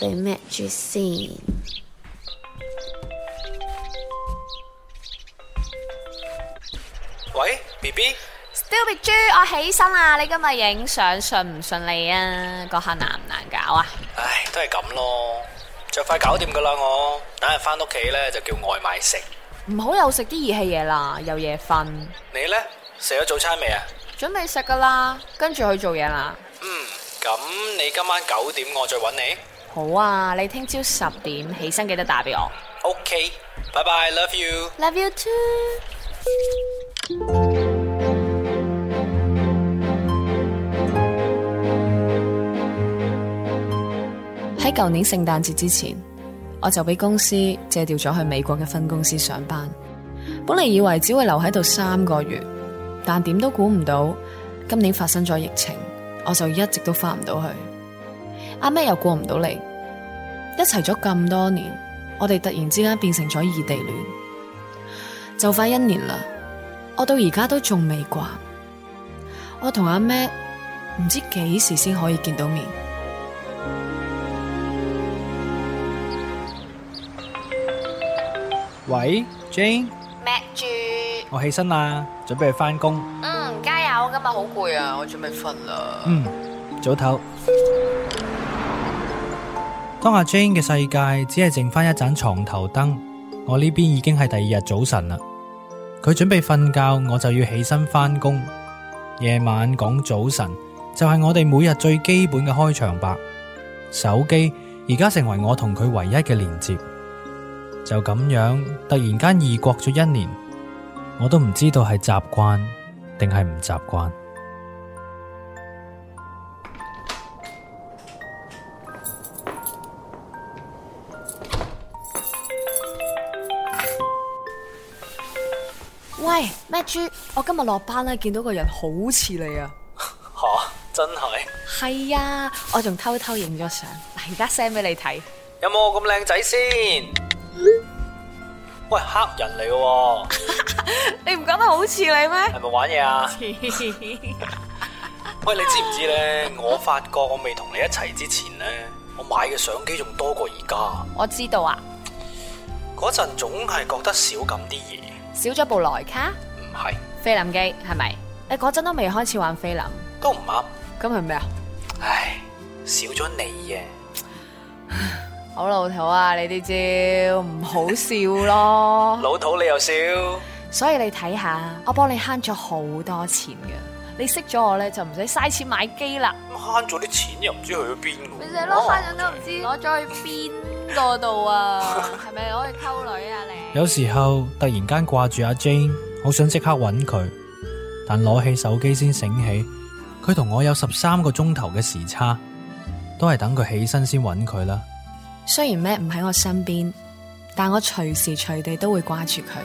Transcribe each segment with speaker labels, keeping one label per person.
Speaker 1: 俾咩豬先？喂，B B，Stupid 豬，我起身啦！你今日影相順唔順利啊？個客難唔難
Speaker 2: 搞啊？唉，都係咁咯，着快搞掂噶啦！我等下翻屋企咧就叫外賣食。
Speaker 1: 唔好又食啲熱氣嘢啦，又夜瞓。
Speaker 2: 你咧食咗早餐未啊？
Speaker 1: 準備食噶啦，跟住去做嘢啦。
Speaker 2: 嗯，咁你今晚九點我再搵你。
Speaker 1: 好啊，你聽朝十點起身記得打俾我。
Speaker 2: OK，拜拜，Love you，Love
Speaker 3: you too。
Speaker 1: 喺舊年聖誕節之前，我就俾公司借調咗去美國嘅分公司上班。本嚟，以為只會留喺度三個月，但點都估唔到今年發生咗疫情，我就一直都翻唔到去。阿咩又過唔到嚟，一齊咗咁多年，我哋突然之間變成咗異地戀，就快一年啦，我到而家都仲未慣，我同阿咩唔知幾時先可以見到面。
Speaker 2: 喂，Jane，咩住？我起身啦，準備去翻工。
Speaker 1: 嗯，加油，今日好攰啊，我準備瞓啦。嗯，
Speaker 2: 早唞。當阿 Jane 嘅世界只係剩翻一盞床頭燈，我呢邊已經係第二日早晨啦。佢準備瞓覺，我就要起身翻工。夜晚講早晨就係、是、我哋每日最基本嘅開場白。手機而家成為我同佢唯一嘅連接。就咁樣，突然間異國咗一年，我都唔知道係習慣定係唔習慣。
Speaker 1: 喂咩豬我今日落班咧，見到個人好似你啊。
Speaker 2: 吓、啊、真係
Speaker 1: 係啊，我仲偷偷影咗相，而家 send 俾你睇。
Speaker 2: 有冇咁靚仔先？喂，黑人嚟嘅，你
Speaker 1: 唔覺得好似你咩？係咪玩嘢啊？
Speaker 2: 喂，你知唔知咧？我發覺我未同你一齊之前咧，我買嘅相機仲多過而家。我知道啊，嗰陣總係覺得少咁啲嘢。
Speaker 1: 少咗部萊卡，唔係是菲林機，係咪？你嗰陣都未開始玩菲林，
Speaker 2: 都唔啱。
Speaker 1: 咁係咩啊？
Speaker 2: 唉，少咗你呀！
Speaker 1: 好 老土啊！你啲招唔好笑咯，
Speaker 2: 老土你又笑。
Speaker 1: 所以你睇下，我幫你慳咗好多錢㗎。你識咗我咧，就唔使嘥錢買機啦。咁
Speaker 2: 慳咗啲錢又唔知去咗邊？你淨
Speaker 1: 係攞慳咗都唔知攞咗去邊？嗯邊個度啊？係咪可以溝
Speaker 2: 女啊？你有時候突然間掛住阿 Jane，好想即刻搵佢，但攞起手機先醒起，佢同我有十三個鐘頭嘅時差，都係等佢起身先搵佢啦。
Speaker 1: 雖然咩唔喺我身邊，但我隨時隨地都會掛住佢，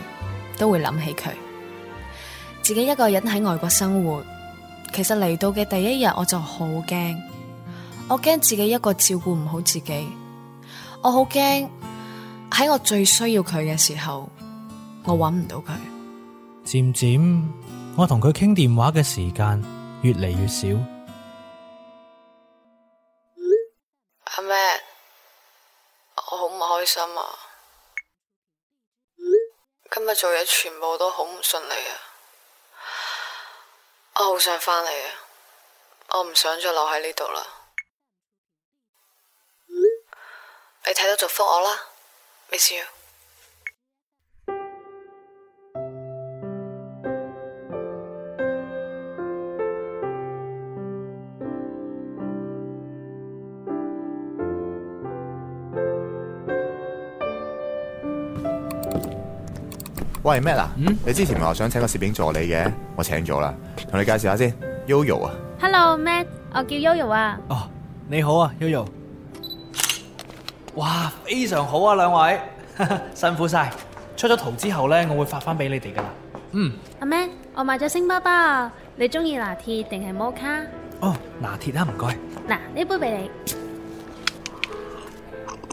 Speaker 1: 都會諗起佢。自己一個人喺外國生活，其實嚟到嘅第一日我就好驚，我驚自己一個照顧唔好自己。我好驚喺我最需要佢嘅時候，我搵唔到佢。
Speaker 2: 漸漸我同佢傾電話嘅時間越嚟越少。
Speaker 1: 阿 May，我好唔開心啊！今日做嘢全部都好唔順利啊！我好想翻嚟啊！我唔想再留喺呢度啦。睇到祝福我啦，miss you。
Speaker 2: 喂 Matt 啊，嗯，你之前咪話想請個攝影助理嘅，我請咗啦，同你介紹下先，Yoyo 啊。
Speaker 3: Hello，Matt，我叫 Yoyo 啊。哦，oh,
Speaker 2: 你好啊，Yoyo。哇，非常好啊，兩位 辛苦晒。出咗圖之後咧，我會發翻俾你哋噶啦。嗯，
Speaker 3: 阿 May，我買咗星巴巴，你中意拿鐵定係摩卡？
Speaker 2: 哦，oh, 拿鐵啊，唔該。
Speaker 3: 嗱，呢杯俾你。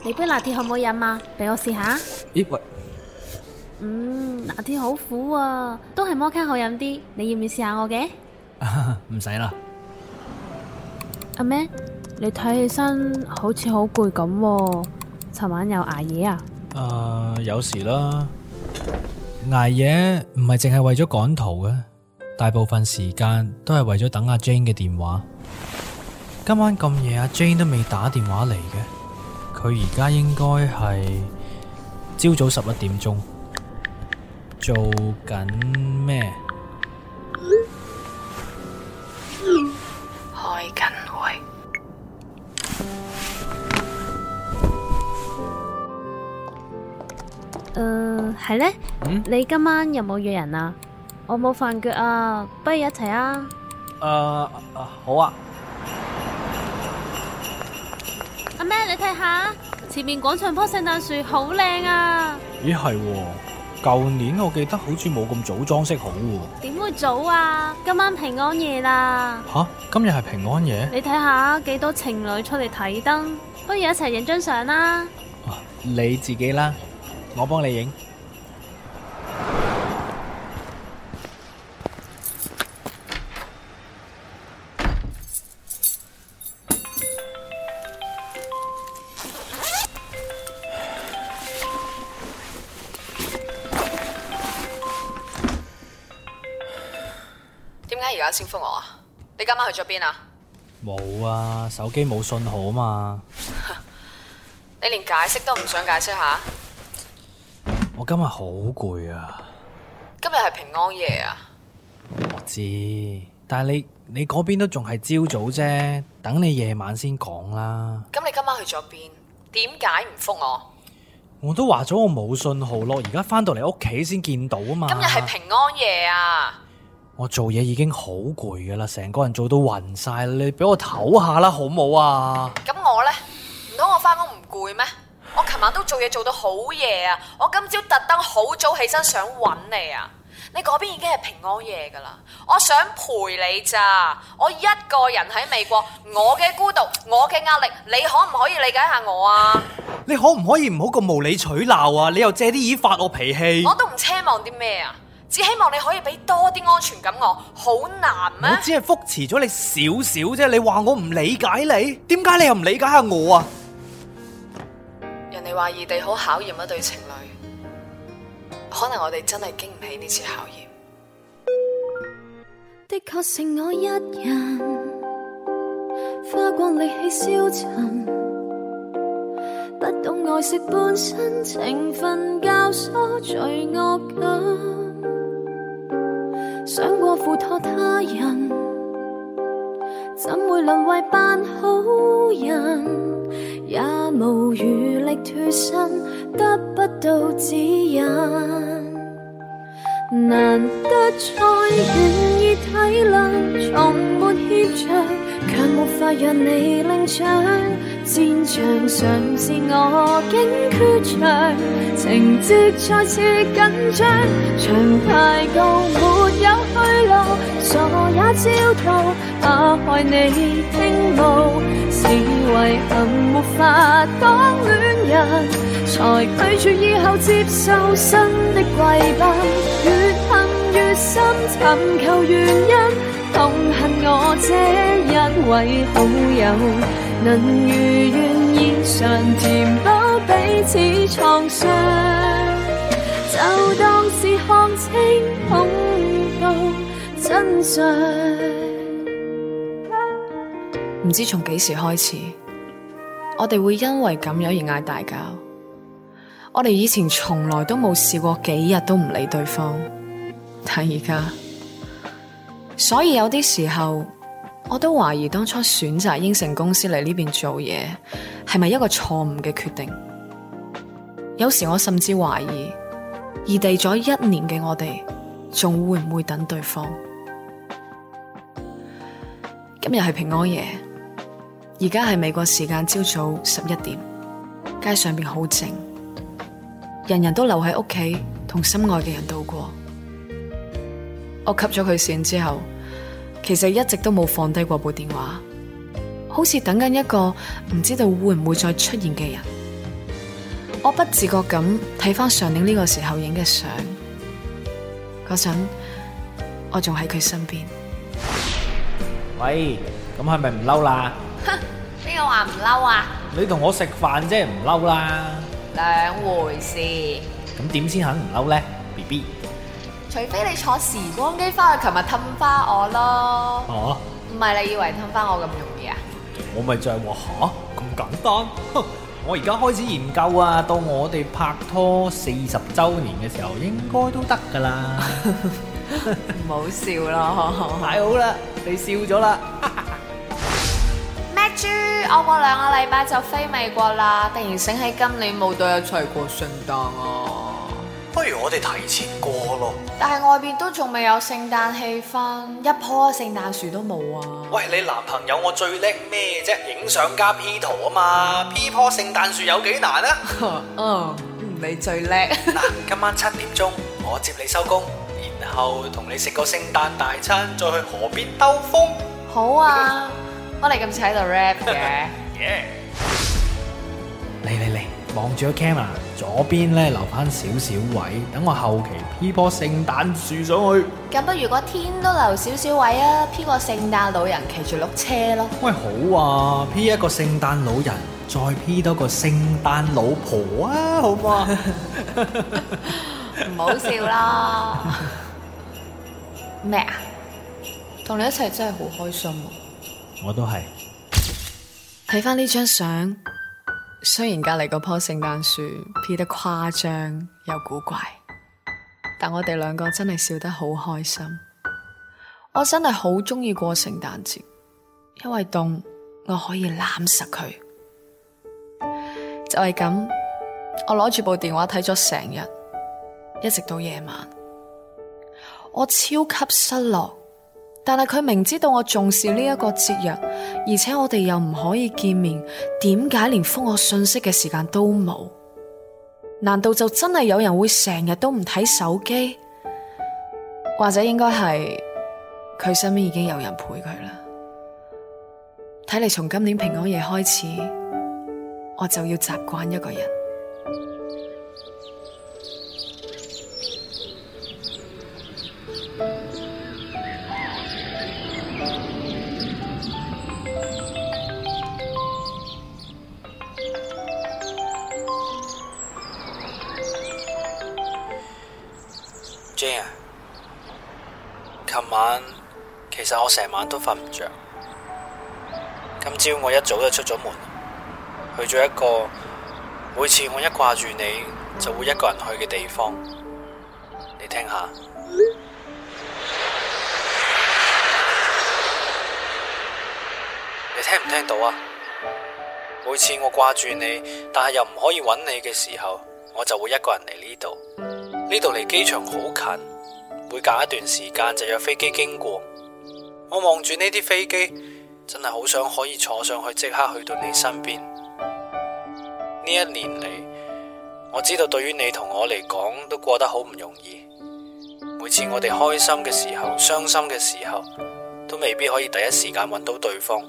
Speaker 3: 你杯拿鐵好唔好飲啊？俾我試下。咦喂？嗯，拿鐵好苦啊，都係摩卡好飲啲。你要唔要試下我嘅？
Speaker 2: 唔使啦。
Speaker 3: 阿 May。你睇起身好似好攰咁，尋晚有捱夜啊？
Speaker 2: 誒、呃，有時啦，捱夜唔係淨係為咗趕圖嘅，大部分時間都係為咗等阿 Jane 嘅電話。今晚咁夜，阿 Jane 都未打電話嚟嘅，佢而家應該係朝早十一點鐘做緊咩？
Speaker 3: 係咧，呢嗯、你今晚有冇約人啊？我冇飯腳啊，不如一齊啊！
Speaker 2: 誒，uh, uh, 好啊！
Speaker 3: 阿咩，你睇下前面廣場棵聖誕樹好靚啊！
Speaker 2: 咦，係喎、啊，舊年我記得好似冇咁早裝飾好喎、
Speaker 3: 啊。點會早啊？今晚平安夜啦！
Speaker 2: 吓、啊，今日係平安夜？
Speaker 3: 你睇下幾多情侶出嚟睇燈，不如一齊影張相啦！
Speaker 2: 你自己啦，我幫你影。
Speaker 1: 而家先復我啊！你今晚去咗邊啊？
Speaker 2: 冇啊，手機冇信號啊嘛。
Speaker 1: 你連解釋都唔想解釋下？
Speaker 2: 我今日好攰啊。
Speaker 1: 今日係平安夜啊。
Speaker 2: 我知，但係你你嗰邊都仲係朝早啫，等你夜晚先講啦。
Speaker 1: 咁你今晚去咗邊？點解唔復我？
Speaker 2: 我都話咗我冇信號咯，而家翻到嚟屋企先見到啊嘛。今日係平
Speaker 1: 安夜啊！
Speaker 2: 我做嘢已經好攰噶啦，成個人做到暈晒，你俾我唞下啦，好冇啊？
Speaker 1: 咁我呢？唔通我翻工唔攰咩？我琴晚都做嘢做到好夜啊！我今朝特登好早起身想揾你啊！你嗰邊已經係平安夜噶啦，我想陪你咋？我一個人喺美國，我嘅孤獨，我嘅壓力，你可唔可以理解下我啊？
Speaker 2: 你可唔可以唔好咁無理取鬧啊？你又借啲意發我脾氣？我
Speaker 1: 都唔奢望啲咩啊！只希望你可以俾多啲安全感我，好難
Speaker 2: 咩？我只係敷衍咗你少少啫，你話我唔理解你，點解你又唔理解下我啊？
Speaker 1: 人哋話異地好考驗一對情侶，可能我哋真係經唔起呢次考驗。的確
Speaker 4: 剩我一人，花光力氣消沉，不懂愛惜本身情分，教唆罪惡感。想過付託他人，怎會淪為扮好人？也無餘力脫身，得不到指引。難得再願意體諒，從沒怯場，卻沒法讓你領獎。戰場上是我竟缺席，情節再次緊張，長排夠沒有去路，坐也焦頭，打開你驚怒，是遺憾沒法當戀人，才拒絕以後接受新的貴賓，越恨越深，尋求原因，痛恨我這一位好友。能如願以償填補彼此創傷，就當是看清恐怖真
Speaker 1: 相。唔知從幾時開始，我哋會因為咁樣而嗌大交。我哋以前從來都冇試過幾日都唔理對方，但而家，所以有啲時候。我都懷疑當初選擇應承公司嚟呢邊做嘢，係咪一個錯誤嘅決定？有時我甚至懷疑，異地咗一年嘅我哋，仲會唔會等對方？今日係平安夜，而家係美國時間朝早十一點，街上面好靜，人人都留喺屋企，同心愛嘅人度過。我吸咗佢綫之後。其實一直都冇放低過部電話，好似等緊一個唔知道會唔會再出現嘅人。我不自覺咁睇翻上年呢個時候影嘅相，嗰陣我仲喺佢身邊。
Speaker 2: 喂，咁係咪唔嬲啦？
Speaker 1: 哼， 邊個話唔嬲啊？
Speaker 2: 你同我食飯啫，唔嬲啦。
Speaker 1: 兩回事。
Speaker 2: 咁點先肯唔嬲咧，BB？
Speaker 1: 除非你坐時光機翻去琴日氹翻我咯，哦、啊，唔係你以為氹翻我咁容易啊？
Speaker 2: 我咪就係話吓咁簡單，我而家開始研究啊，到我哋拍拖四十周年嘅時候應該都得噶啦。唔 好笑啦， 太好啦，你笑咗啦。
Speaker 1: 咩 豬？ 我過兩個禮拜就飛美國啦，突然醒起今年冇一齊過聖誕啊！
Speaker 2: 不如我哋提前過咯，
Speaker 1: 但係外邊都仲未有聖誕氣氛，一棵聖誕樹都冇啊！
Speaker 2: 喂，你男朋友我最叻咩啫？影相加 P 圖啊嘛，P 棵聖誕樹有幾難啊？嗯、
Speaker 1: 呃，你最叻。嗱 ，
Speaker 2: 今晚七點鐘我接你收工，然後同你食個聖誕大餐，再去河邊兜風。
Speaker 1: 好啊，嗯、我哋今次喺度 rap 嘅。
Speaker 2: 嚟嚟嚟，望住 camera。左邊咧留翻少少位，等我後期 P 棵聖誕樹上去。
Speaker 1: 咁不如，果天，都留少少位啊，P 個聖誕老人
Speaker 2: 騎住碌車咯。喂，好啊，嗯，P 一個聖誕老人，再 P 多個聖誕老婆啊，
Speaker 1: 好嘛？唔好笑啦。咩啊？同你一齊真係好開心啊！
Speaker 2: 我都係
Speaker 1: 睇翻呢張相。雖然隔籬嗰棵聖誕樹劈得誇張又古怪，但我哋兩個真係笑得好開心。我真係好鍾意過聖誕節，因為凍我可以攬實佢。就係咁，我攞住部電話睇咗成日，一直到夜晚，我超級失落。但係佢明知道我重視呢一個節日，而且我哋又唔可以見面，點解連覆我信息嘅時間都冇？難道就真係有人會成日都唔睇手機？或者應該係佢身邊已經有人陪佢啦？睇嚟從今年平安夜開始，我就要習慣一個人。
Speaker 2: 晚，其實我成晚都瞓唔着。今朝我一早就出咗門，去咗一個每次我一掛住你就會一個人去嘅地方。你聽下，你聽唔聽到啊？每次我掛住你，但係又唔可以揾你嘅時候，我就會一個人嚟呢度。呢度離機場好近。每隔一段時間就有飛機經過，我望住呢啲飛機，真係好想可以坐上去，即刻去到你身邊。呢一年嚟，我知道對於你同我嚟講都過得好唔容易。每次我哋開心嘅時候、傷心嘅時候，都未必可以第一時間揾到對方，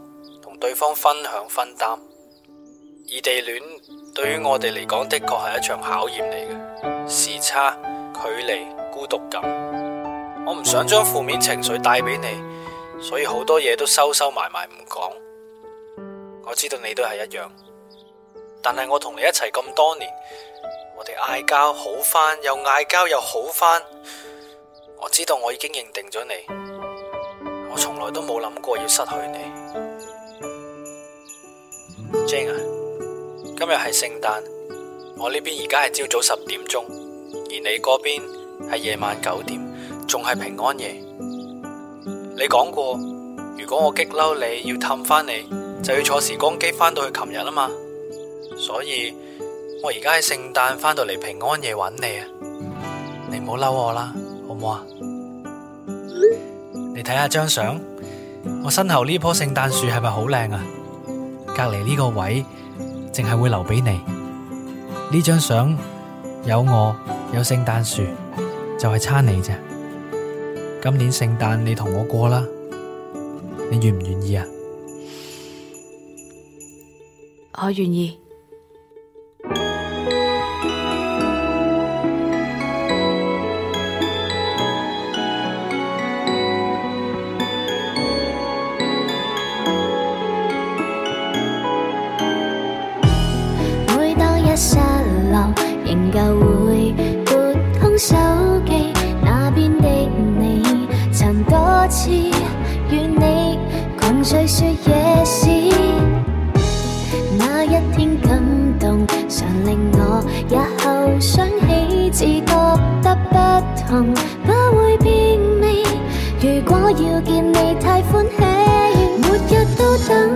Speaker 2: 同對方分享分擔。異地戀對於我哋嚟講的確係一場考驗嚟嘅，時差、距離、孤獨感。我唔想將負面情緒帶俾你，所以好多嘢都收收埋埋唔講。我知道你都係一樣，但係我同你一齊咁多年，我哋嗌交好翻，又嗌交又好翻。我知道我已經認定咗你，我從來都冇諗過要失去你，Jenna。Jenna，今日係聖誕，我呢邊而家係朝早十點鐘，而你嗰邊係夜晚九點。仲係平安夜，你講過，如果我激嬲你要氹翻你，就要坐時光機翻到去琴日啦嘛。所以我而家喺聖誕翻到嚟平安夜揾你啊，你唔好嬲我啦，好唔好啊？ 你睇下張相，我身後呢棵聖誕樹係咪好靚啊？隔籬呢個位淨係會留俾你，呢張相有我有聖誕樹，就係差你咋。今年聖誕你同我過啦，你願唔願意啊？我願
Speaker 1: 意。
Speaker 4: 每當一失落，仍舊會撥通手。想起至覺得不同，不會變味。如果要見你太歡喜，每日都等，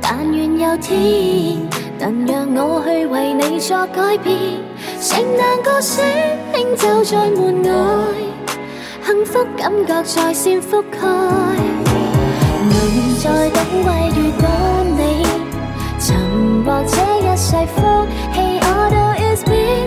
Speaker 4: 但願有天能讓我去為你作改變。聖誕歌聲輕奏在門外，幸福感覺在線覆蓋。能在冬季遇到你，曾獲這一世福氣。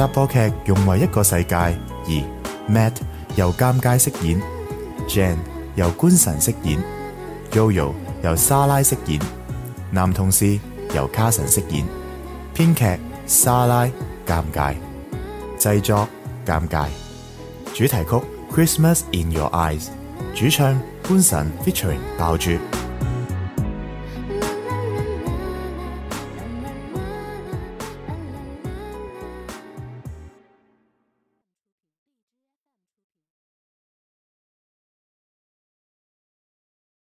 Speaker 2: 插播劇融為一個世界。而，Matt 由尷尬飾演，Jan 由官神飾演，Yoyo 由莎拉飾演，男同事由卡神飾演。編劇莎拉尷尬，製作尷尬。主題曲《Christmas in Your Eyes》，主唱官神，featuring 爆珠。